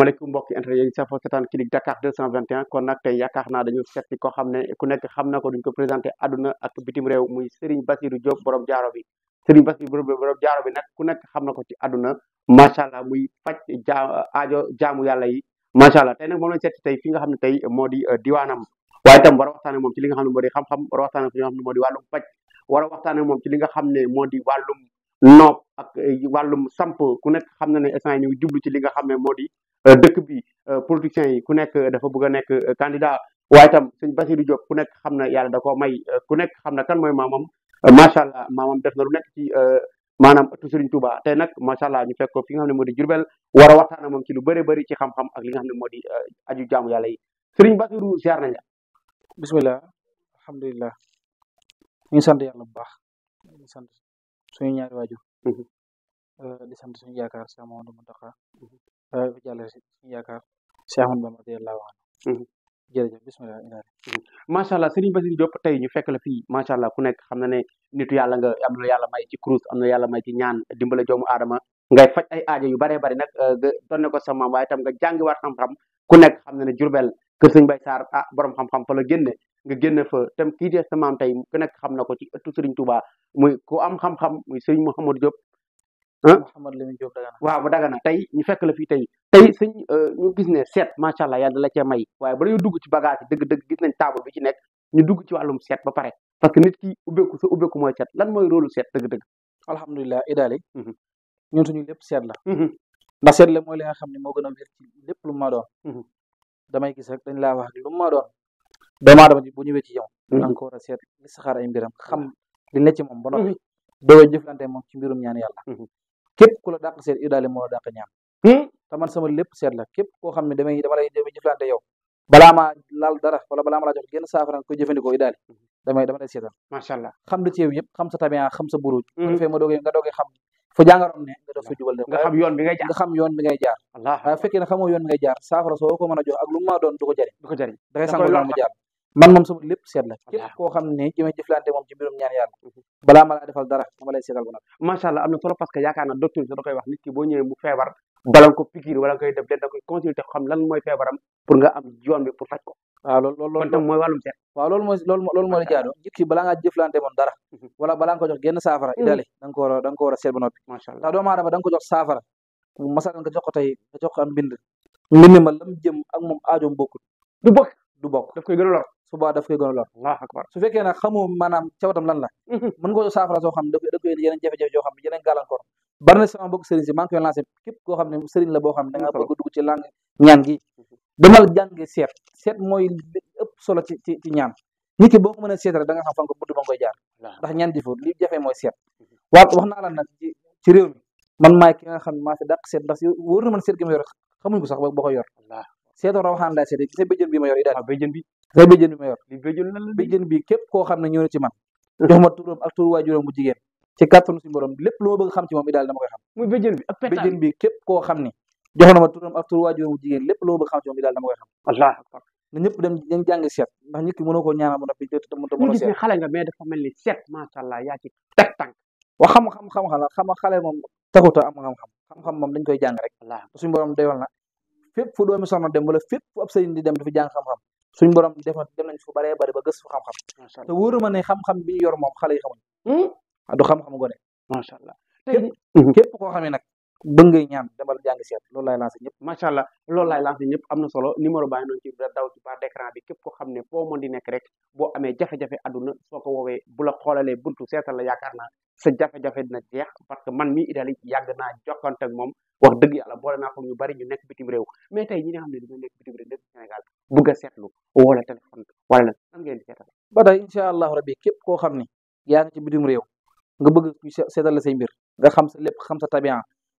asalaamaaleykum mbokki internet yi safo setaan Click Dakar 221 kon nag tey yaakaar naa dañu seet si koo xam ne ku xam na ko duñ ko présenté àdduna bitim réew muy Serigne Bassirou Diop borom jaaro bi Serigne Bassirou borom jaaro bi nag xam na ko ci àdduna macha muy faj jaa aajo jaamu yàlla yi macha tey fi nga xam ne tey moo di uh, diwaanam waaye itam war a waxtaane ci li xam ne moo di xam-xam war a xam a waxtaane uh, na ne instant Euh, dëkk bi euh, politiciens yi ku nekk dafa bëgg a nekk euh, candidat waaye itam sëñ Bassirou Diop ku nekk xam na yàlla da koo may ku nekk xam na kan mooy maamam macha allah maamam def na lu nekk ci maanaam ëttu Serigne Touba tey nag macha allah ñu fekk fi nga xam ne moo di Jurbel waxtaana a waxtaan ak moom ci lu bare bëri ci xam-xam ak li nga xam ne moo di aju jaamu yàlla yi Serigne Bassirou ziar nañ la. bisimilah alhamdulilah ñu ngi sant yàlla bu baax ñu sant suñu ñaari mm-hmm. sant suñu yaakaar Sëñ Maodo Mountakha mm-hmm. jàll si yaakaar Cheikh Ahmadou Bamba radiyallahu anhu mhm. jërëjëf bismillah mhm. macha allah Serigne Bassirou tey ñu fekk la fii macha allah ku nekk xam na ne nitu yàlla nga am na yàlla may ci kurus am na yàlla may ci ñaan dimbala joomu adama ngay faj ay aajo yu baree bari nag euh, nga doon ne ko sama maam waaye itam nga jàngiwaat xam-xam ku nekk xam na ne Jurbel kër Serigne bay Sarr ah borom xam-xam fa la génne nga génne fa tam kii dee sa tey ku nekk xam na ko ci ëttu Serigne Touba muy ku am xam-xam muy Serigne Mouhamadou Diop Mouhamed Lamine Diop Dagana waaw bu Dagana tey ñu fekk la fii tey tey sëñ euh, ñu gis ne seet macha allah yàlla la cee may waaye ba ñu dugg ci bagage yi dëgg-dëgg gis nañ table bi ci nekk ñu dugg ci wàllum seet ba pare parce que nit ki ubbeeku sa ubbeeku mooy seet lan mooy rôle seet dëgg-dëgg alhamdulilah idaali mhm. ñun suñu lépp seet la mhm. ndax seet la mooy li nga xam ne moo gën a wér ci lépp lu ma doon mhm. damay gis rek dañ laa wax ak lu ma doon doomu aadama ji bu ñëwee ci yow danga ko war a seet li saxaar ay mbiram xam li ne ci moom doo jëflante moom ci mbirum ñaan yàlla képp ku la dàq seet idaale moo la dàq ñaan hmm? lépp seet képp koo xam ne damay dama lay damay jëflante yow laal dara wala balaa ma jox génn saafara koy jëfandikoo idaale hmm. damay dama lay seetal macha xam li ci yow xam sa tabiya xam sa buruj bu hmm? defee ma doogee nga doogee xam fu jàngaroon ne nga def fa jubal yoon bi ngay jaar nga xam yoon bi yoon bi ngay jaar saafara soo ko mën a jox ak lu doon du jariñ du sango yoon mu jaar man moom sama lépp seet la képp koo ñaan yàlla mhm. balaa ma laa defal dara dama allah am na parce que yaakaar na docteur da koy wax nit ki boo ñëwee mu feebar bala nga ko bi pour faj ko waaw loolu mooy wàllum seet waaw loolu mooy loolu loolu la jaadu nit ki balaa jëflante moom dara mhm. wala balaa nga ko jox génn saafara mhm. idale da nga ko ba noppi macha allah ndax doomu aadama da saafara masalan nga jox tey nga jox mbind mbind ma jëm ak moom aajoom bokkul subaa daf koy gën a lor allahu akbar su fekkee nag xamoo maanaam cawatam lan la mhm. mën nga saafara soo xam ne da jafe-jafe yoo xam ne yeneen gàllankoor bari sëriñ si maa koy lancé képp koo mhm. seet seet mooy ëpp a seet rek da nga xam fan mhm. la ci réew mi man maay ki xam ne maa seet ndax wóor na man seet gi ma yor xamuñ ko sax boo seet gis nga bi ma yor yi daal ah, béjjën bi sa béjjën bi ma yor bi képp koo xam ne ñëw na ci man jox ma turam ak turu waajuram bu jigéen ci kàttanu lépp lu ma xam ci moom i daal dama koy xam muy béjjën bi ak pétard béjjën bi jigéen lépp lu ma bëgg xam ci moom i daal dama koy xam allah akbar na ñëpp dem dañ jàng seet ndax nit ki ko ñaanal mu noppi te mu te mu seet xale nga mais xam-xam xam-xam xam xale moom taxuta am xam-xam xam moom dañ koy jàng rek suñu borom doyoon na fépp fu doomi soxna dem wala fépp fu ab di dem dafa jàng xam-xam suñ borom defa dem nañ fu baree bari ba gëstu xam-xam te wóoruma ne xam-xam bi ñu yor moom xale yi xamuñ hmm? ah, du xam-xam gone macha allah képp képp koo xamee nag bëgg ngay ñaan demal jàngi seet loolu laay lancé ñëpp macha allah loolu laay lancé ñëpp am na solo numéro baa ngi noonu ci daw ci par d'écran bi képp ko xam ne foo mën di nekk rek boo amee jafe-jafe àdduna soo ko woowee bu la xoolalee buntu seetal la yaakaar na sa jafe-jafe dina jeex parce que man mii Idali yàgg naa jokkante ak moom wax dëgg yàlla boole naa ko ñu bari ñu nekk bitim réew mais tey ñi nga xam ne dañoo nekk bitim réew nekk Sénégal bëgg a seetlu wala téléphone ba tey incha allahu rabi képp koo xam ne yaa ngi ci bitim réew bëgg ñu seetal la nga xam sa lépp xam sa tabian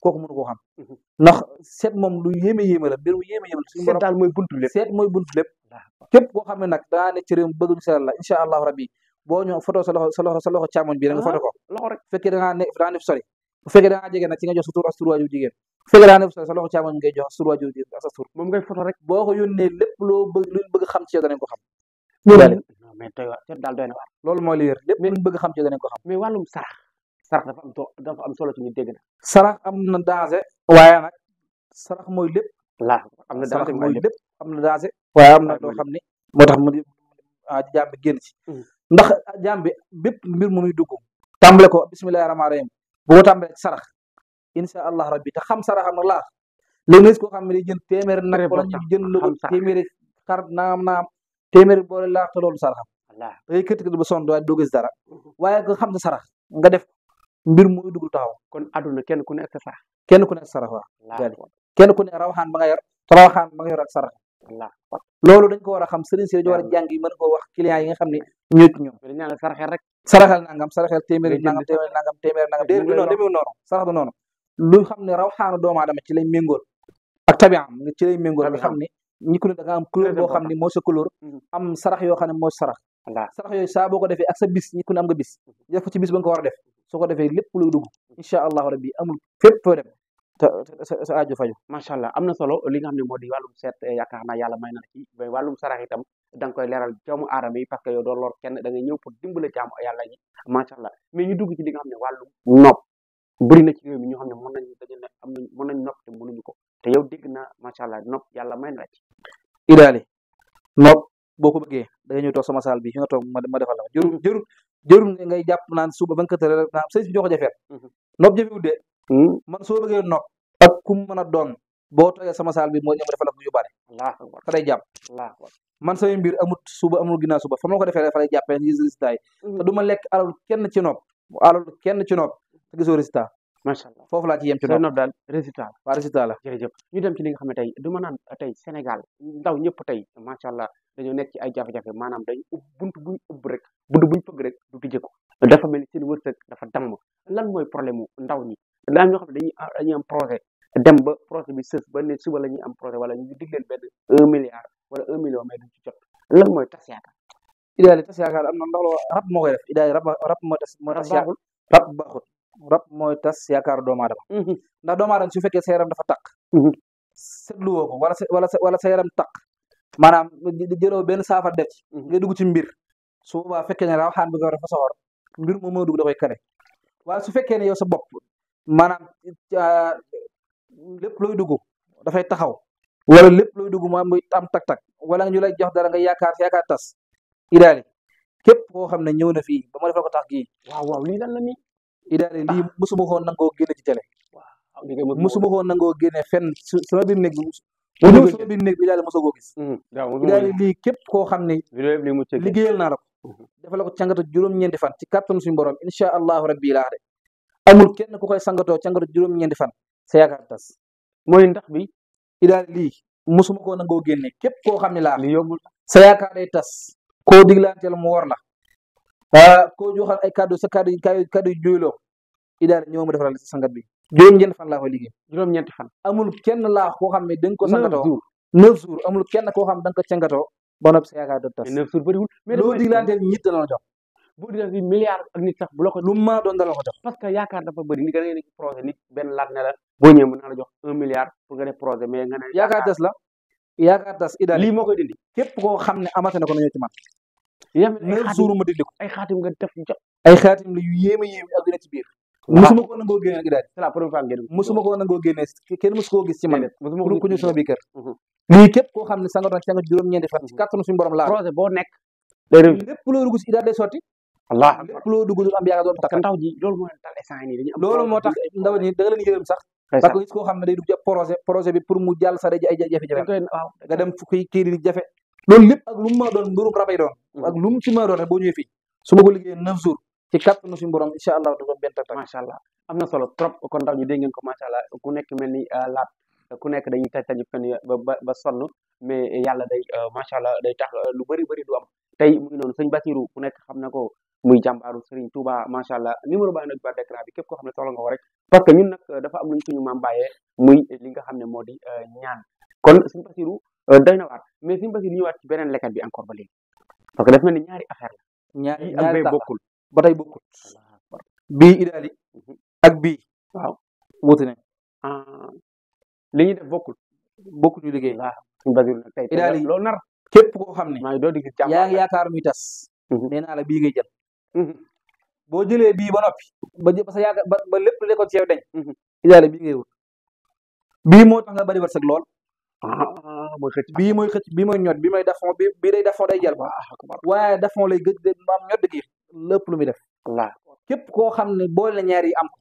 kooku mënu ko xam mhm. ndax seet moom lu yéeme yéeme mbir mu yéeme yéeme la daal mooy buntu lépp seet mooy buntu lépp képp koo xam ne nag daa ne ci réew mi bëgg ñu la incha allahu rabbi boo foto sa loxo sa sa loxo càmmoñ bi da nga foto ah, ko loxo rek bu fekkee da ngaa ne daa nekk sori bu fekkee da ngaa boo ko yónnee lépp loo bëgg xam ci yow danañ ko xam loolu mooy li wér lépp luñ bëgg xam ci yow danañ ko xam mais wàllum sarax sarax dafa am dafa am na. sarax am na danger waaye sarax mooy lépp. laa am na danger mooy am na danger. xam ne moo tax mu di ah jaam bi génn ci. Mm. ndax jaam bi bépp mbir mu muy dugg. tàmbale ko bisimilah rahmaani rahiim bu ko tàmbalee allah rabbi te xam sarax am na laa léegi nag koo xam ne day jënd téeméeri nag wala ñu jënd loolu téeméeri xar naam naam téeméeri boole laa te loolu dara mm-hmm. waaye nga xam sa sarax nga def mbir mu dugg taxaw kon àdduna kenn ku ne sarax kenn ku ne sarax kenn ku ne rawaxaan ba nga yor rawaxaan ba nga yor ak sarax loolu dañ ko war a xam sëriñ si dañu war a jàng yi wax client yi nga xam ne ñoo ci ñoom dañ naan saraxel rek saraxel nangam saraxel téeméeri nangam téeméeri nangam téeméeri nangam déedéet noonu demeewul noonu sarax du noonu lu xam ne rawaxaanu doomu aadama ci lay méngool ak tabiam nga ci lay méngool nga xam ne ñi ku ne da am couleur boo xam ne moo sa couleur mm-hmm. am sarax yoo xam ne moo sarax sarax yooyu saa boo ko defee ak sa bis ñi ku ne am nga su ko defee lépp luy dugg incha allahu rabbi amul fépp foo dem te sa aajo faju macha allah am na solo li nga am ne moo di wàllum seet eh, yaakaar naa yàlla may na ci mais wàllum sarax itam da koy leeral jaamu aadama yi parce que yow doo lor da ngay ñëw pour dimbale jaamu yàlla yi macha allah mais ñu dugg ci li nga xam ne wàllum nopp bëri na ci réew mi ñoo xam ne mën nañu am nañ mën nañ nopp te mënuñu ko te yow dégg naa macha allah nopp yàlla may na la ci idaali nopp boo ko bëggee da nga ñëw saal bi fi nga toog ma ma defal la jërul nga ngay jàpp naan suba ba nga ko tëral naam sëñ bi ñoo ko jafeet mhm. nopp jafewut de hmm. man soo bëggee nopp ak ku mu mën a doon boo toogee sama saal bi mooy ñëw ma defal la ko yóbbaale fa lay man samay mbir amut suba amul ginnaaw suba fa ma ko defee fa lay jàppee gis résultat yi mhm. te du ma lekk alalu kenn ci nopp alalu kenn ci nopp te gisoo macha allah foofu laa yem ci doon daal résultat la waa résultat la jërëjëf ñu dem ci li nga xam ne tey du ma Sénégal ndaw ñëpp tey macha allah dañoo nekk ci ay jafe-jafe maanaam dañ ub bunt buñ ubb rek bunt buñ fëgg rek du tijjeeku dafa mel ni seen wërsëg dafa damm lan mooy problème mu ndaw ñi daa ñoo xam ne dañuy ah, dañuy am projet dem ba projet bi sës ba ne suba la ñuy am projet wala ñu dig leen benn un milliard wala un million mais duñ ci jot lan mooy tas yaakaar idéal tas yaakaar rab mooy tas yaakaar doomu aadama mm-hmm. ndax doomu aadama su fekkee sa yaram dafa takk mm-hmm. seetlu woo ko wala wala wala sa yaram takk maanaam jëloo benn saafara def ci mm-hmm. nga dugg ci mbir su boobaa fekkee ne raw xaan bi nga dafa mbir moom moo dugg da koy kare waaye su fekkee ne yow sa bopp maanaam ah, lépp looy dugg dafay taxaw wala lépp looy dugu moo muy am tak-tak wala ñu lay jox dara nga yaakaar yaakaar tas idaali képp koo xam ne ñëw na fii ba ma defal ko tax gii waaw waaw lii lan la nii Ida de lii ah. mosuma koo nangoo génne ci télé. waaw léegi mosuma mosuma su sama biir néeg bi. wóorul sama biir néeg bi Ida de mosoo koo gis. Hmm, Ida képp koo xam ne. liggéeyal naa la ko. Hmm. defal ko càngatu juróom-ñeenti fan ci kàttanu suñu borom incha allahu rabbi laa de amul kenn ku koy sangatoo càngatu juróom-ñeenti fan sa yaakaar tas. mooy ndax bi Ida de lii mosuma koo nangoo génne koo xam ne laa. li yombul sa yaakaar day tas. koo diglanteel mu war la. Ah, koo joxal ay kàddu sa kàddu kàddu yu juyuloo Idaara ñëw ma defaral bi juróom-ñeenti fan laa koy liggéey juróom-ñeenti fan amul kenn laa ko xam ne da nga ko sangatoo neuf jours amul kenn koo xam ne da nga ko cangatoo ba noppi sa yaakaar dootu tas neuf jours bëriwul mais loo diglanteel nit dana la jox boo diglante bi milliard ak nit sax bu la ko lu maa doon dana la ko jox parce que yaakaar nit benn laat ne projet mais nga la yaakaar tas Idaara lii dindi képp koo xam ne amate na ko na ñëw yéen ay xaatim ma déglu ko ay xaatim nga def jox ay xaatim la yu yéeme yéeme ak dina ci biir ah. musuma ko nangoo génne ak daal c'est la première ko nangoo génne kenn musu ci man pour mhm. juróom-ñeenti fan ci mhm. kàttanu suñu borom laa projet boo nekk loolu moo tax ndaw ñi da nga sax parce gis koo xam ne day projet bi pour mu jàll sa day jafe loolu lépp ak lu mu maa doon mbirum rabay doon mm-hmm. ak lu mu ci maa doon rek boo ñëwee fii su ko liggéeyee neuf jours ci kàttanu suñu borom incha allah da doon benn tak allah am na solo trop kon ndaw ñi dégg ngeen ko macha allah ku nekk mel ni euh, laat ku nekk dañuy taj tañu fen ba ba sonn mais yàlla day euh, macha allah day tax euh, lu bari bëri du am tey mu ngi noonu sëñ Bassirou ku nekk xam na ko muy jàmbaaru Serigne Touba macha allah numéro baa nag ba d'écran bi képp koo xam ne soxla nga ko rek parce que ñun nag dafa am luñ suñu maam bàyyee li nga xam ne moo di ñaan kon Euh, day na waar mais suñu basi ñëwaat ci beneen lekkat bi encore ba léegi parce que daf mel ni ñaari affaire la ñaari ak bay bokkul ba tey bokkul bii idaali mhm. ak bii waaw wuute nañ ah. def bokkul bokkul ñu liggéey waaw suñu basi nag tey idaali loolu nar képp koo xam ne maa ngi doon di gis jàmm yaa ngi yaakaar muy tas mhm. nee naa la bii mhm. boo jëlee bii ba noppi ba ba sa yaakaar ba idaali bii ngay bii moo tax nga bari wërsëg lool ah mooy xëcc bii mooy xëcc bii mooy ñot bi mooy dafon bi bii day dafon day jël quoi waaye dafon lay gëj de maam ñot gi lépp lu muy def wallaahi képp koo xam ne boole na ñaar yi am ko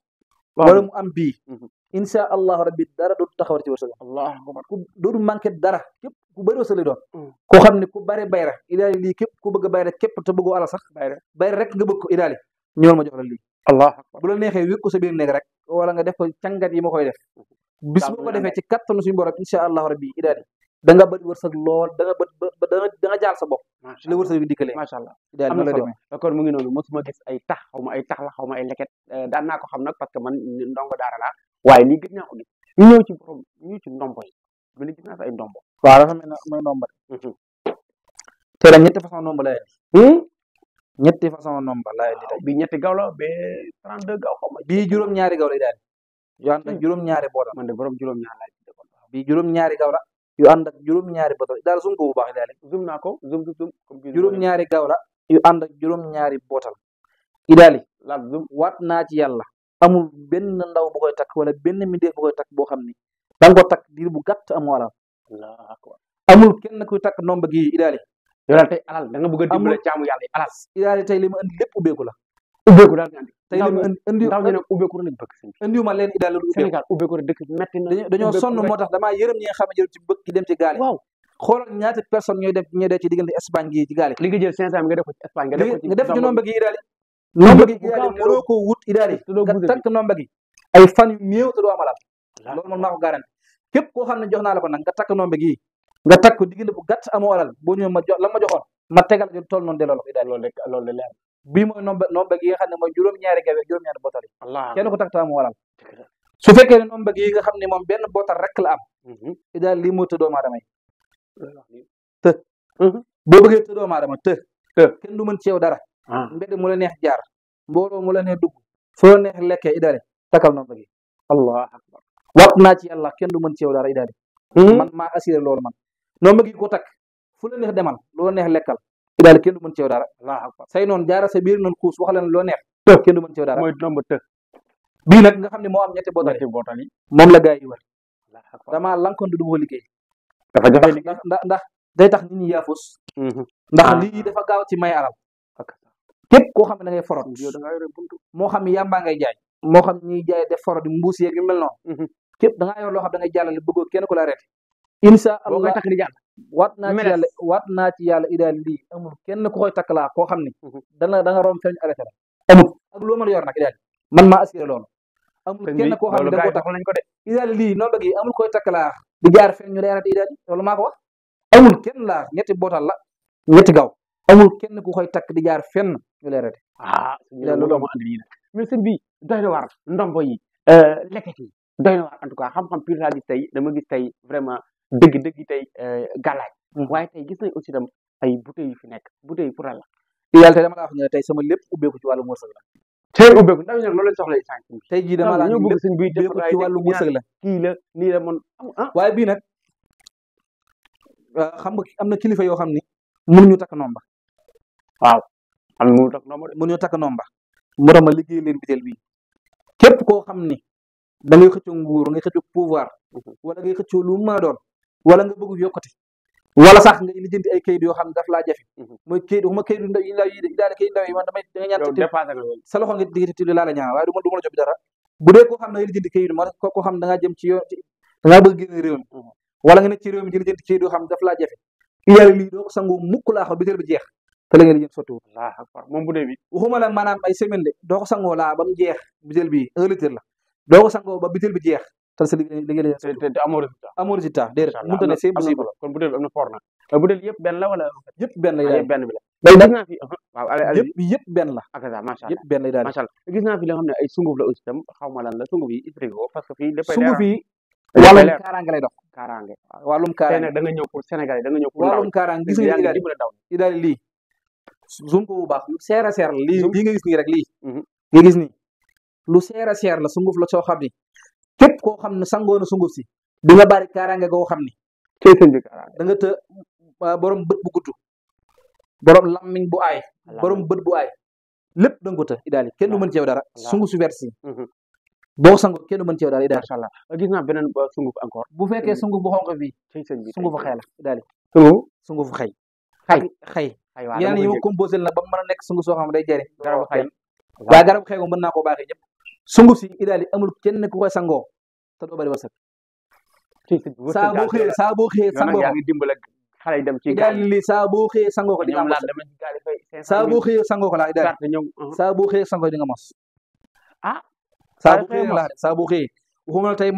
wala mu am bii mhm. insha allahu rabbi dara dootu taxawar ci wërsëg allah ku dootu dara képp ku bëri wërsëg lay doon mm. koo xam ne ku bare bayra idaali lii képp ku bëgg a bayra képp te bëggoo ala sax bayra bayra rek nga bëgg ko idaali ñëwal ma jox la lii allah bu la neexee wékk ko sa biir néeg rek wala nga def ko cangat yi ma koy def mhm. bis boo ko defee ci kattanu suñu borom incha allahu rabbi idaali da nga bëri wërsëg lool da nga bë da jaal sa bopp la wërsëg bi dikkalee macha allah am na solo kon mu ngi noonu mosuma gis ay tax xaw ma ay tax la xaw ay leket eh, daan naa ko xam nag parce que man ndongo daara waaye ni gëj naa ko gis ñu ñëw ci borom ñu ci naa fa ay ndombo waaw dafa mel mooy ndombo mhm. te nag ñetti façon ndombo lay indi hmm? ñetti façon ndombo lay bi ñetti gaw la ba 32 gaw xaw ma bii juróom ñaari gaw lay daal yu ànd hmm. juróom-ñaari boota man de borom juróom-ñaar laay tudde ñaari gawla yu ànd ak juróom-ñaari boota daal zoom ko bu baax daal naa ko zoom zoom juróom-ñaari gawla yu ànd ak juróom-ñaari bootal idaali laal zoom waat naa ci yàlla amul benn ndaw bu koy wala benn mindee bu koy takk boo xam ni da nga ko takk diir bu gàtt amu alal amul kenn kuy takk nomba gi idaali yow daal tey alal da nga bëgg a dimbale jaamu yàlla idaali tey li ma indi lépp ubbeeku la ubbeeku daal nga andi. tey indi ndaw ñu ne rek dañoo sonn moo tax damaa yërëm ñi xam ne jël ci bëgg dem ci gaal gi ci gaal yi. li nga def ci Espagne gi i daal gi i daal yi wut i daal yi. gi ay fan yu néew te doo amalaat. loolu man maa ko képp koo xam ne jox naa la ko nag nga takk nomba gi nga takk bu gàtt amoo alal boo ñëwee ma jox la ma joxoon ma tegal ñu toll noonu delloo la ko leer bii mooy nombe nombe nga xam ne mooy juróom-ñaari gawe juróom-ñaari bootal yi kenn ku takk taamu waral su fekkee ne nombe gi nga xam ne moom benn bootal rek la am mm-hmm. i daal lii moo të doomu aadama yi të mm-hmm. boo bëggee të doomu aadama të kenn du mën ci dara ah. mbedd mu la neex jaar mbooloo mu la neex dugg foo neex lekkee i daale takkal nombe gi allah akbar wat naa yàlla kenn du mën ci yow dara i daale mm-hmm. man ma assuré loolu man nombe gi ko takk fu la neex demal lool neex lekkal daal ke du mën ci a say noonu jaara sa biir noonu xuus wax neex tëx kenn du mën ci yow dara nga xam ne moo am ñetti bootali bootali moom la gaay yi wër damaa lankoon du ma ko liggéey dafa jafe ndax ndax day tax nit ñi yaafus mhm. ndax ah. lii dafa gaaw ci may alal képp koo xam ne da ngay forot moo xam yàmbaa ngay jaay moo xam ñuy jaay def forot yi mbuus yeeg yu mel noonu mhm. yor loo xam da ngay jàllale bëggoo kenn ku la arrêté incha allah boo koy takk di jàll. waat naa ci yàlla waat naa amul kenn ku koy takk laa koo xam ne. Mhm. dana da nga romb fenn ñu arrêté la. amul ak loo a yor nag idaal man kenn koo xam ne da ko takk ko de. idaal lii noonu la gi amul koy takk laa. di jaar fenn ñu lay arrêté idaal loolu maa ko wax. amul kenn laa ñetti bootal la ñetti gaaw. amul kenn ku koy takk di jaar fenn ñu lay arrêté. ah loolu doomu andi yi nag. mais sëñ bi doy na war ndombo yi euh, lekket yi doy na war en tout xam-xam pure tey dama gis tey vraiment dëgg dëgg tey euh, gàllaaj waaye tey gis nañ aussi tam ay bouteilles yu fi nekk bouteilles yi pour la yàlla dama la wax ne tey sama lépp ubbeeku ci wàllu wërsëg la tey ubbeeku tey jii dama ñu bëgg suñ wàllu wërsëg la kii la nii la man ah. waaye bii nag euh, xam nga am na kilifa yoo xam ni ñu takk nomba waaw am mënuñu takk nomba mënuñu takk liggéey leen biteel bii képp koo xam ni da ngay xëccoo nguur ngay xëccoo pouvoir wala ngay xëccoo lu ma wala nga bëgg yokkute wala sax nga lijjanti ay kayit yoo xam ne daf laa jafe mhm. mooy kayit waxuma kayitu ndaw yi ndaw yi de daal kayit ne da ko koo xam ne da ngaa jëm ci yoon da ngaa bëgg génn mhm. yoo xam ne daf laa jafe yàlla lii doo ko sangu mukk laa xam bi jeex te moom bu dee bi waxuma ay semaine de doo ko sangoo laa ba mu la doo sangoo ba bi teel bi jeex te sa liggéey liggéey la te amoo résultat amoo résultat déedéet mënta ne c'est impossible kon butéel bi am na for na butéel yëpp benn la wala la ah, yëpp la gis xam ne sunguf la aussi yi istrigo parce que fii lépp sunguf yi wàllum kaaraange lay dox kaaraange wàllum kaaraange nag da nga ñëw pour Sénégal yi da nga bu baax mhm. lu seer a seer la lii lii seer la sunguf la soo xam ni képp koo xam ne sangoo na sunguf si di nga bari kaaraange goo xam ne tey da nga të borom bët bu gudd borom lammiñ bu aay borom bët bu ay lépp da nga ko idaali kenn du mën ci yow dara sunguf si versi mhm. boo sango kenn du mën ci yow dara idaali macha allah sunguf encore bu fekkee mhm. sunguf bu xonq bii tey sëñ bi sungufu xay la idaali sunguf sungufu xay xay xay yeneen yi ma composé na ba mu mën a nekk sunguf soo xam ne day jëriñ waaye garabu xay moom mën naa koo baaxee ñëpp sunguf si idaali amul kenn ku koy sangoo te doo bari wërsëg saa boo xëyee saa boo xëyee sangoo ko idaali saa boo xëyee sangoo ko di nga mos saa boo xëyee idaali uh-huh. saa boo xëyee sangoo ko di nga mos ah saa boo xëyee laa saa boo xëyee waxuma la tey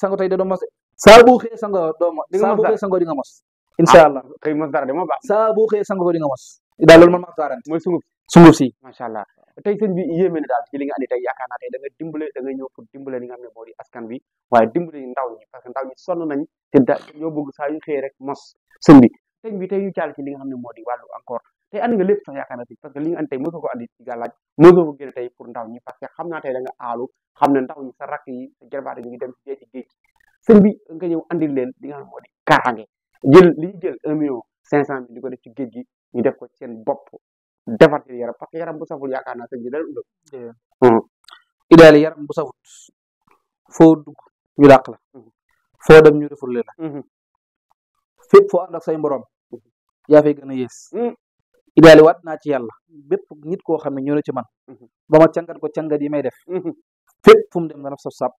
sango tey mos saa boo xëyee sangoo doo mos saa boo xëyee sangoo di nga ah, boo xëyee sangoo ko di nga loolu man maa ko sunguf sunguf si macha allah tey sëñ bi yéeme daal ci li nga andi tey yaakaar naa tey da nga dimbale da nga pour dimbale li nga xam ne moo di askan bi waaye dimbale ndaw ñi parce que ndaw ñi sonn nañ te da ñoo bëgg saa yu bi nga xam ne moo di wàllu encore tey andi nga lépp nga andi ne ndaw ñi sa rakk yi sa jarbaate ñu géej nga ñëw ne moo di li ñu jël un million cinq cent def ci géej gi ñu def ko seen bopp defar ci yaram parce yaram bu saful yaakaar naa sëñ bi dara ëllëg. Hmm. yaram bu safut foo dugg ñu làq la. Hmm. foo dem ñu refurle la. Hmm. fépp foo ànd ak say mborom yaa fay gën a yées. idéal naa ci yàlla bépp nit koo xam ne ñoo ci man. ba ko càngat yi may def. fépp fu mu dem dana saf sàpp.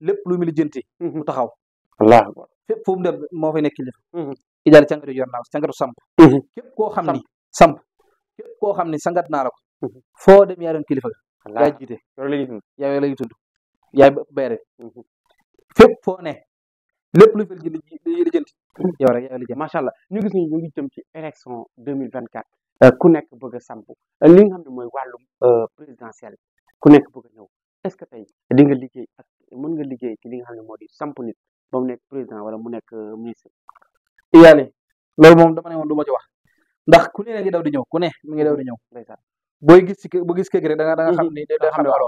lépp lu mu lijjanti. mu taxaw. wallaah fépp fu dem moo fay nekk kilifa. idéal càngat yu yor naa samp. képp koo xam ni samp. képp koo xam ne sangat naa la ko mhm. foo dem yaa doon kilifa ga yaa jiite yaa lay tudd yaa bayre mhm. fépp foo ne lépp lu fel ji lijjanti mhm. yow rek yaa ñu gis ni ñu ngi jëm ci élection deux mille vingt quatre euh, ku nek bëgg a samp euh, li nga xam ne mooy wàllum euh, présidentiel ku nek bëgg a ñëw est ce que tey di nga liggéey ak mën nga liggéey ci li nga xam ne moo di samp nit ba mu nekk président wala mu nekk ministre iyaale loolu moom dama ne woon ma wax ndax ku ne ngi daw di ñëw ku ne mi ngi gis boo gis kër gi rek da nga da nga mhm. xam ni day xam loolu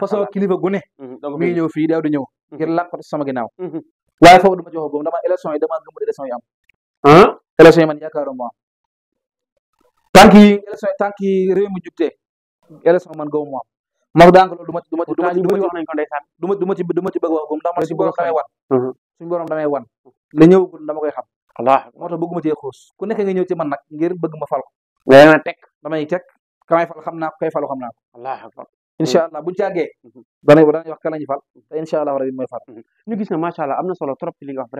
façon kilifa gu ne mhm, mi ngi ñëw fii daw di ñëw mhm. ngir làqatu sama ginnaaw waaye foofu dama joxoo boobu dama élection yi dama gëmul élection ah? man yaakaaru moo am tànk yi ma du ma du ma du ma ci du ma ci bëgg wax gum ndax man suñu borom damay wan la ñëwagul dama koy xam wallaahi moo tax bëgguma cee xuus ku nekk nga ñëw ci man nag ngir bëgg ma fal ko nga na teg damay teg kamay fal xam naa ko kay falu xam naa ko wallaahi akbar incha allah mm-hmm. wax kan lañu fal mm-hmm. te mooy fal mm-hmm. ñu gis ne macha allah am na solo trop ci li nga wax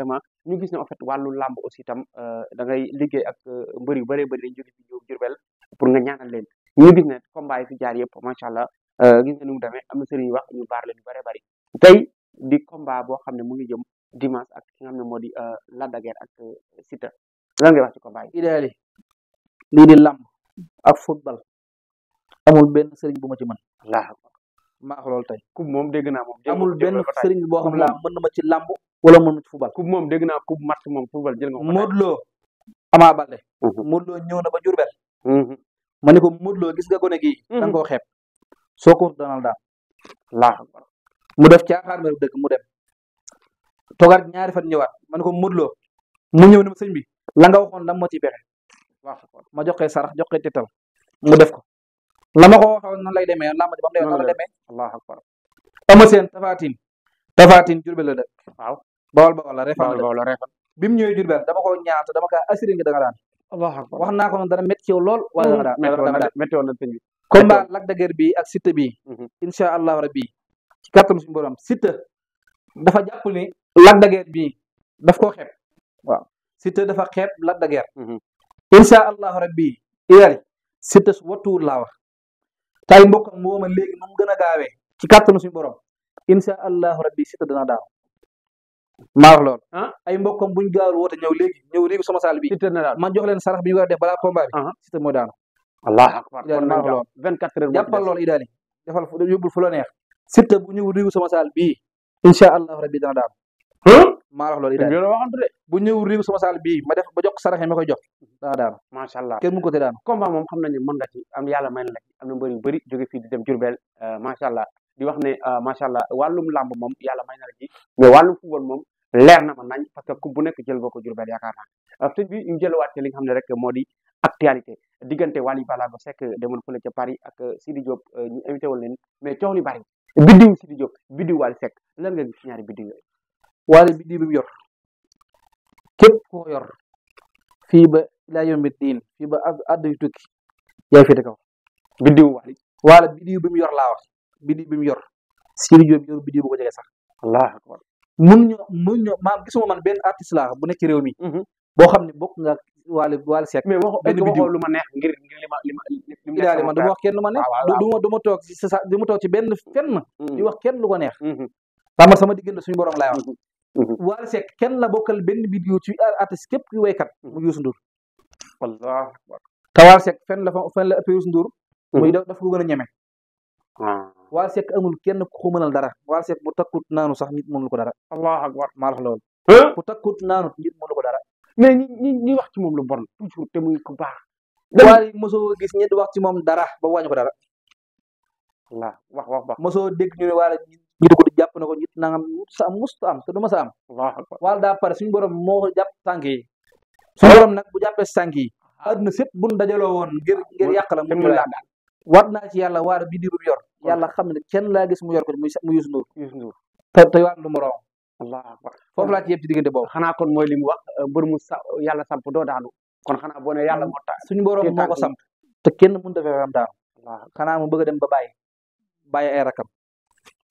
ne en fait wàllu làmb aussi itam euh, da ngay liggéey ak euh, mbër yu bëree bëri dañ jóge pour nga ñaanal leen ñu gis ne combat jaar yëpp macha allah euh, gis nga ni mu demee am na sëriñ yu wax ñu baar leen ñu bëree bëri tey di combat boo xam ne mu ngi jëm Dimanche ak ki nga xam ne moo euh, de Guiers ak euh, Siteu lan ngay ci combat yi. idéal yi ak football amul benn sëriñ bu ma ci mën. wallaahi maa wax loolu tey. coupe moom dégg naa moom. amul benn boo xam ne mën ci làmb wala mën football. coupe moom dégg naa match moom football jël nga Ama Baldé. Mhm. Modou Lo na ba Diourbel. Mhm. ma ne ko Modou Lo gis nga gone gii. Mhm. da nga koo xeeb soo ko mu def caaxaan rek dëgg mu dem. toogaat ñaari fa ñëwaat man ko mudloo mu ñëw na ma sëñ bi la nga waxoon lan moo ma jox koy sarax jox koy tital mu def ko la ma ko waxoon nan lay demee la demee allahu akbar ama seen tafaatin tafaatin jurbel la dëkk waaw bawal bawal la reefal la bi mu ñëwee jurbel dama ko da nga daan allahu akbar wax na ko noonu dana métti yow lool waaye da nga daan na sëñ bi combat Lac de Guiers bi ak Siteu bi mhm. insha allahu rabbi ci si suñu borom dafa jàpp ni Lac de bi bii daf koo xeeb waaw Siteu dafa xeeb Lac de Guiers mhm. incha allahu rabbi iyari Siteu su wattuwul laa wax tay mbokkam moo ma léegi nu gën a gaawee ci kàttanu suñu borom incha allahu rabbi Siteu dana daaw maa wax loolu ah? ay mbokkam buñ gaawul woote ñëw léegi ñëw léegi sama saal bi ma jox leen sarax bi ñu war a def balaa combat bi ah. Siteu mooy daanu allah akbar kon maa wax loolu la neex Siteu bu ñëw riigu sama saal bii incha allahu rabbi dana daaw maa wax loolu i daal waxantu de bu ñëw riigu sama saal bii ma def ba jox saraxe ma koy jox daa daanu macha allah kenn mu ko te daanu combat moom xam na mën nga ci am yàlla may na la ci am na mbër yu bëri jóge fii di dem Jurbel euh, macha allah di wax ne euh, macha allah wàllum làmb moom yàlla may na la ci mais wàllum football moom leer na ma nañ parce que ku bu nekk jël go ko Jurbel yaakaar naa euh, sëñ bi ñu jëlawaat ci li nga xam ne rek moo di actualité diggante Wally Ballago Seck demoon fële ca Paris ak Sidi Diop ñu mais coow li bari biddiw Sidi Diop biddiw Wally Seck lan waale bi di bi mu yor képp koo yor fii ba laa yombi diin fii ba àdd yu tukki yaay féete kaw biddiw waali waala biddiw bi mu yor laa wax biddiw bi mu yor Sidy Diop yor biddiw bu ko jege sax allah akbar mun ñu mun gisuma man benn artiste laa bu nekk ci réew mi mhm. boo xam ne bokk nga waale waale seet mais waxoo lu ma neex ngir li ma li ma du ma wax kenn lu ma neex ah, du ma ma toog ci sa du ma toog ci benn fenn mhm. di wax kenn lu ko neex waaw mhm. man sama diggante suñ borom laa wax Mhm. Waly Seck kenn la bokkal benn vidéo ci artiste képp ki waykat mhm. mu Youssou Ndour wallah te Waly Seck fenn la fa fenn la ëpp Youssou Ndour mhm. muy dafa ko a ñeme ah. Waly Seck amul kenn ku ko mënal dara Waly Seck bu takkut naanu sax nit mënul ko dara allah akbar maa la loolu bu takkut naanut ko dara mais ñi wax moom lu bon toujours te muy ku baax Waly mosoo gis ñetti wax ci moom dara ba wàññi ko dara wax wax wax mosoo dégg ñu ne Waly ñi dugg jàpp na ko ñit nangam sa am musta am te du sa am wala daa pare suñu borom moo jàpp tànk yi nag bu jàppee tànk yi àdduna sépp buñ dajaloo woon ngir ngir yàq la mu la war naa ci yàlla waar bi dibu yàlla xam kenn laa gis mu yor ko mu Youssou Ndour Youssou Ndour te te waat lu moroom allahu laa ci yëpp ci diggante xanaa kon mooy li mu wax euh, mbër mu sa yàlla samp doo daanu kon xanaa boo ne yàlla moo tax suñu borom moo ko samp te kenn mënu defee am daanu xanaa mu bëgg a dem ba bàyyi bàyyi ay rakam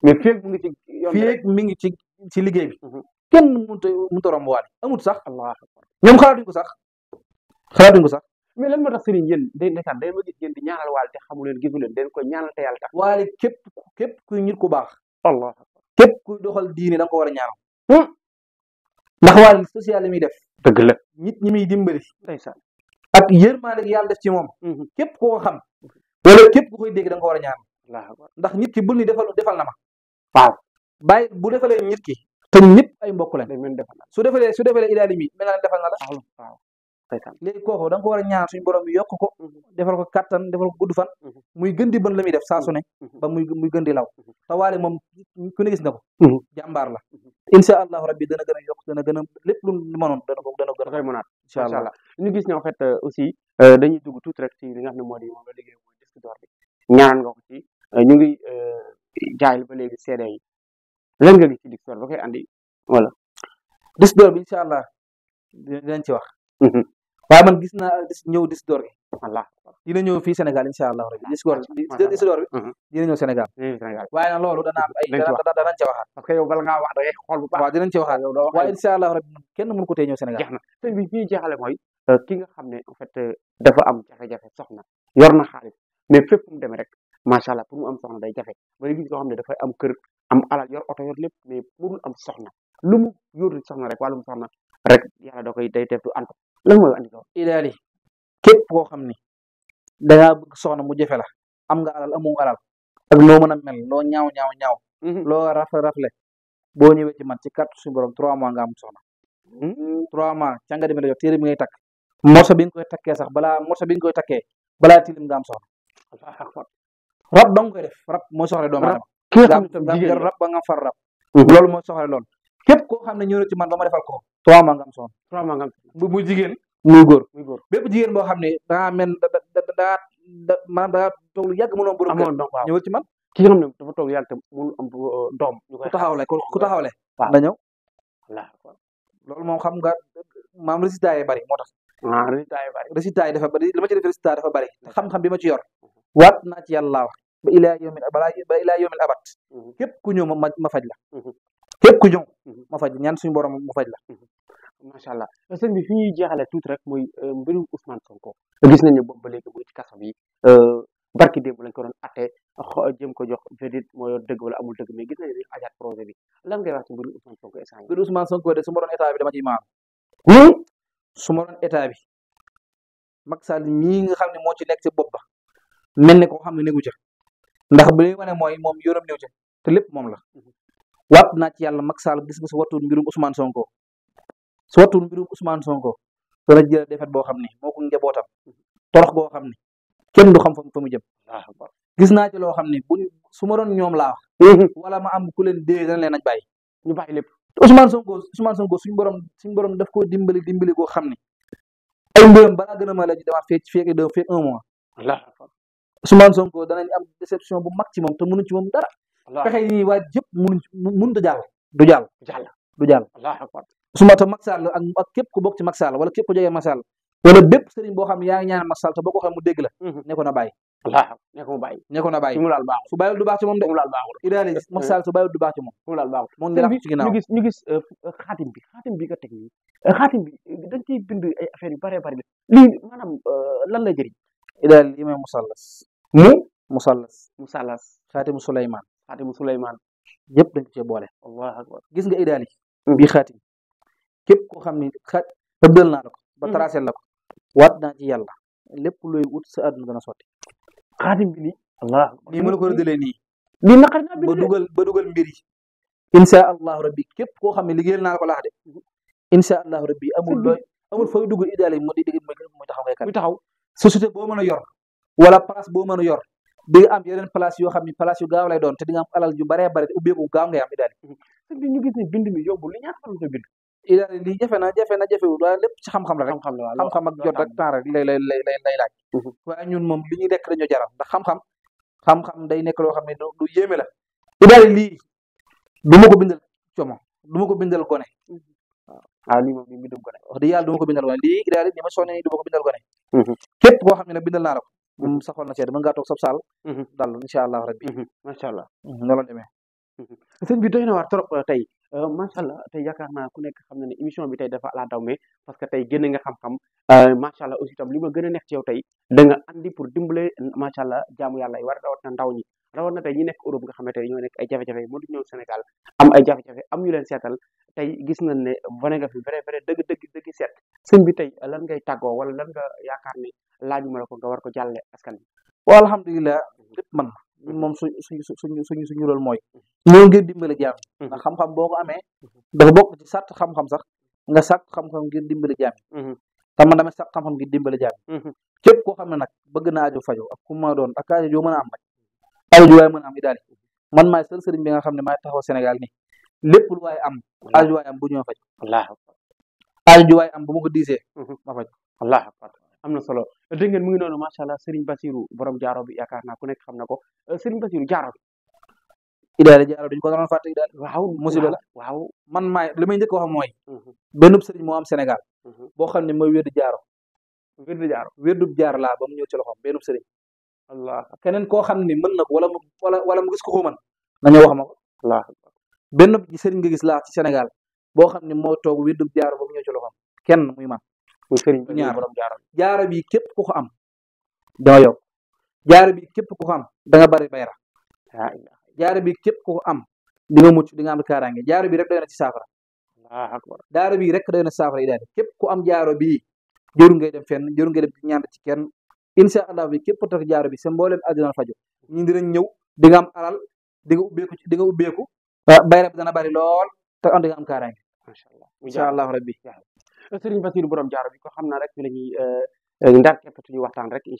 mais feeg mu ngi ci yoon mi ngi ci ci liggéey bi. Mhm. kenn mënut a mënut a romb waale amut sax. allah ñoom xalaatuñ ko sax xalaatuñ ko sax. mais lan moo tax sëriñ yéen day ndeysaan day ma gis yéen di ñaanal waale te xamu leen gisu leen dañ koy ñaanal te képp képp kuy nit ku baax. allah képp kuy doxal diine da ko war a ñaanal. Hmm. ndax waale social li muy def. dëgg la nit ñi muy dimbali. ndeysaan ak yërmaande yàlla def ci moom. Mhm. képp koo xam. wala képp ku koy dégg da ko war a ñaanal. ndax ñit ki bul ni defal defal na ma waaw bàyyi bu defalee nit ki te ñëpp ay mbokk lañ su defalee su defalee idaali mi mel na defal na la léegi kooku da nga ko a ñaan suñ borom yokk ko mhm. defal ko kattan defal ko gudd fan mhm. muy gën di bën la muy def saa su ne mhm. ba muy muy gën di law te waale moom ku ne gis nga ko jàmbaar la incha allahu rabbi dana gën a yokk dana gën lépp lu mënoon dana ko dana gën a ñu gis ne en fait euh, aussi euh, dañuy dugg tuuti rek ci li nga xam ne moo di moom la liggéey mooy disque d'or bi ñaan nga ko ci euh, ñu ngi jaayil ba léegi seede yi lan nga gis ci Diofior ba koy andi voilà dis door bi incha allah ci wax. Mhm. waaye man gis naa dis ñëw dis door bi. voilà dina ñëw fii Sénégal incha allah rabi dis door bi dis door bi. Mhm. dina ñëw Sénégal. waaye nag loolu dana am ay dana danañ ci waxaat. parce bala ngaa wax da ngay bu baax. waaw dinañ ci waxaat doo wax waaye incha allah rabi kenn mënu ko tee ñëw Sénégal. jeex na fi ñuy jeexale euh. ki nga xam ne en fait euh, dafa am jafe-jafe soxna yor na xaalis mais fépp mu rek macha allah pour mu am soxna day jafe ba gis koo xam ne dafay am kër am alal yor oto yor lépp mais pour am soxna lu mu yóotul soxna rek wàllum soxna rek yàlla da koy day def du antu lan mooy andi ko xam ni dangaa soxna mu jafe la am nga alal amoo alal ak loo mën a mel loo ñaaw ñaaw mhm. loo rafle rafle boo ñëwee ci man ci carte suñu borom trois mois nga am soxna mhm. trois mois ca nga demee la jox sax balaa morso bi nga koy takkee balaa tilim nga am rab dong koy def rab moo soxla doomu aadama daa rab ba nga far rab mm. loolu moo soxla loolu képp koo xam ne ñëw na ci man ba ma defal ko trois mois nga am soxla trois mois nga am bu jigéen muy góor mu góor bépp jigéen boo xam ne dangaa mel da da da maanaam dangaa toog lu yàgg mënoo borom kër ñëwal ci man ki nga xam ne dafa toog yàgg te mënu doom ku taxawle ku taxawle nga ñëw loolu moom xam nga maam résultat yi bari moo tax ah, résultat yi dafa bari li ma bari xam-xam bi ma ci yor waat naa ci yàlla wax ba ilaa yawmil ba ilaa yawmil abat mhm. képp ku ma ma faj la mhm. képp ku mhm. ma faj la ñaan suñu ma faj la macha allah sëñ bi fi ñuy jeexale tuuti rek mooy euh, mbirum Ousmane Sonko gis nañu boobu ba léegi muy ci kaso bi euh, barki démb lañ ko doon a jëm ko jox verdict moo yor dëgg wala amul dëgg mais gis nañu dañu ajaat projet bi a ngay wax ci mbirum mbiru Ousmane Sonko de su ma bi dama ciy maam hmm? su ma doon état xam ne moo nekk si bopp ba mel ne koo xam ne néegu ca ndax bu lay wane mooy moom yoonam néew ca te lépp moom la mhm. waat naa ci yàlla mag Sall gis nga su wattuwul mbirum Ousmane Sonko su wattuwul mbirum Ousmane Sonko dana jël defet boo xam ne moo ko njabootam boo mhm. xam ne kenn du xam fa mu jëm gis naa ci loo xam ne buñ su ma doon ñoom laa wax mhm. wala ma am ku leen dee dana leen nañ bàyyi ñu bàyyi lépp Ousmane Sonko Ousmane Sonko suñu borom suñ borom daf koo dimbali dimbali koo xam ne ay mbiram balaa gën a ma la ji demaat fee Ousmane Sonko danañ am déception bu mag ci moom te mënuñ ci moom dara. pexe yi waaj yëpp mënuñ mënut a jàll du jàll. du jàll su ma toog Macky ak ak képp ku bokk ci Macky Sall wala képp ku jege Macky Sall wala bépp sëriñ boo xam yaa ngi ñaan Macky Sall te boo ko xam mu dégg la. Mhm. ne ko na bàyyi. ne ko mu bàyyi ne ko na bàyyi su bàyyiwul du baax ci moom de idéal Macky Sall su bàyyiwul du baax ci moom moom la ci ginnaaw ñu gis ñu gis euh, xaatim bi xaatim bi nga teg nii bi a ciy bind ay affaire yu bare bare lii maanaam euh, lan la jëriñ ilaa limay musallas mu musallas musallas xaatimu suleymaan xaatimu suleymaan yëpp dañ ko boole allahu akbar gis nga idaal yi bii xaatim képp koo xam ne xa tëddal naa la ko ba tracé la ko waat naa ci yàlla lépp looy wut sa àdduna dana sotti xaatim bi ma la ko rëddalee nii lii naqar ba dugal ba dugal mbir yi allahu rabbi képp koo xam ne liggéeyal naa la ko laax de insha allahu rabbi amul looy amul fooy dugal idaal yi taxaw ngay kat muy taxaw société boo mën a yor wala place boo mën a yor di nga am yeneen place yoo xam ni place yu gaaw lay doon te di nga am alal ju baree bare ubbeeku gaaw ngay am idaali bi ñu gis ni bind mi yóbbu li ñaata fan ko bind idaali li jafe na jafe na jafewul waaye xam-xam la rek xam-xam ak jot rek temps rek lay lay lay lay laaj mhm. ñun moom li ñuy nekk jaral ndax xam-xam xam day nekk loo xam ne lu yéeme la idaali lii du ma ko bindal coomo du ko bindal gone mhm. ah lii moom lii mbindum gone wax dëgg yàlla du ko bindal gone lii daal ni ma ko bindal gone mhm. képp koo xam ne nag bindal naa la ko moom sa xol na seet mën ngaa toog sab saal mhm. dal incha mhm. allah rabbi macha allah noonu demee sëñ bi na euh, naa ku nekk xam na ne émission bi tey dafa ala daw parce que tey gën nga xam-xam euh, macha allah aussi tam li ma gën a neex ci yow tey da andi pour dimbale macha allah jaamu yàlla ay war a rawat na ndaw ñi rawat na tey ñi nekk Europe nga xamante ne ñoo nekk ay jafe-jafe moo du ñëw Sénégal am ay jafe-jafe am ñu leen seetal tey gis nañ ne wane nga fi vrai vrai dëgg dëgg seet sëñ bi tey lan ngay tàggoo wala lan nga yaakaar ne laajuma la ko nga war ko jàlle askan bi waaw alhamdulilah lépp man mhm. ñun moom suñ suñ suñu suñu suñu loolu mooy ñoo ngir dimbale jaam mhm. ndax xam-xam boo ko amee mhm. dafa bokk ci xam-xam sax nga sàkk xam-xam ngir dimbale jaam te man dama sàkk xam-xam ngir dimbale jaam képp koo xam ne nag bëgg na aajo fajo ak ku ma doon a ka joo mën a am a aajo joo waaye mën a i daal man maay sël sëriñ bi nga xam ne maay taxaw Sénégal nii lépp lu am aaju waay am bu ñoo faj aaju waay am bu ko diisee ma mm-hmm. faj allah am na solo dégg ngeen mu ngi noonu macha allah Serigne Bassirou borom jaaro bi yaakaar naa ku nekk xam na ko euh, Serigne Bassirou jaaro bi idaale jaaro duñ ko doon fàtte idaale waaw musiba la waaw man maay li may njëkk wax mooy mm-hmm. benn sëriñ moo am Sénégal mm-hmm. boo xam ne mooy wéddu jaaro wéddu jaaro wéddu jaar laa ba mu ñëw ci loxoom benn sëriñ allah keneen koo xam ne mën na ko wala mu wala wala mu gis ko ma ko benn sëriñ nga gis laa ci Sénégal boo xam ne moo toog widdub jaaro boobu ñëw ci loxoom kenn muy man ñaar jaaro bi képp ku ko am dama bi képp ku am da nga bari bayra jaaro bi képp ku ko am di nga mucc di nga am kaaraange jaaro bi rek doy na ci saafara jaaro bi rek doy na ci yi képp ku am jaaro bi jëru ngay dem fenn jëru ngay dem ci ñaan ci kenn incha allah bi képp tax jaaro bi sa mboolem fajo faju ñi dinañ ñëw di nga am alal di nga ubbeeku di bayra bi dana bari lool te ànd nga am kaaraange macha allah incha allahu rabbi sëriñ Basiru borom jaaro bi ko xam naa rek fi la ñuy euh, euh, ndar képp suñu waxtaan rek euh,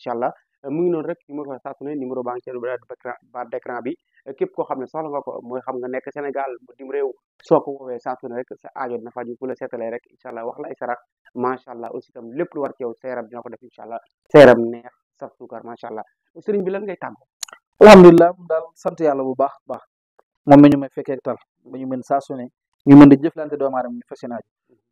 ko mooy xam nga nekk Sénégal sa aajo dina la seetalee rek incha allah wax ay sa yaram dina ko def incha allah sa yaram neex saf suukar macha allah sëriñ bi lan ngay alhamdulilah mu daal sant yàlla baax baax moom mi ñu may fekkee tal ba ñu mën saa su ne ñu mën di jëflante doomu aadama ñu fas yéene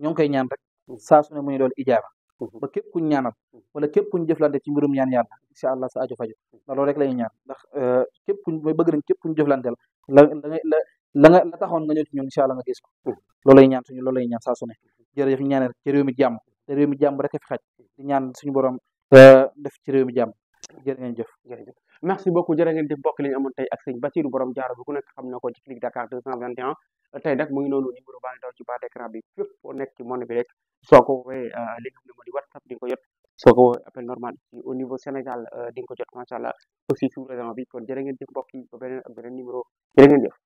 ñoo ngi koy ñaan rek mhm. saa su ne mu ñu mhm. ba képp kuñ ñaanal wala képp kuñ jëflante ci mbirum ñaan yàlla incha allah sa aju faju ndax mhm. loolu rek la ñuy ñaan ndax euh, képp kuñ mooy bëgg nañ képp kuñ jëflante la la la nga la taxoon nga ñëw ci ñun incha allah nga gis ko loolu lay ñaan suñu loolu lay ñaan saa su ne jërëjëf jàmm te réew mi rek a fi xaj di ñaan suñu borom euh, def ci réew mi jàmm jërë ngeen jëf jërëjëf merci beaucoup jërë ngeen di bokk li amoon tey ak sëñ Bassirou borom jaaro bi ku nekk xam na ko ci Click Dakar 221 tey o mu ngi noonu numéro baa ngi daw ci bas d'écran bi fépp nekk ci monde rek soo ko euh, appel normal au niveau Sénégal euh, di jot macha allah aussi sous région bi kon jërë ngeen di mbokk yi ba beneen numéro jërë ngeen jëf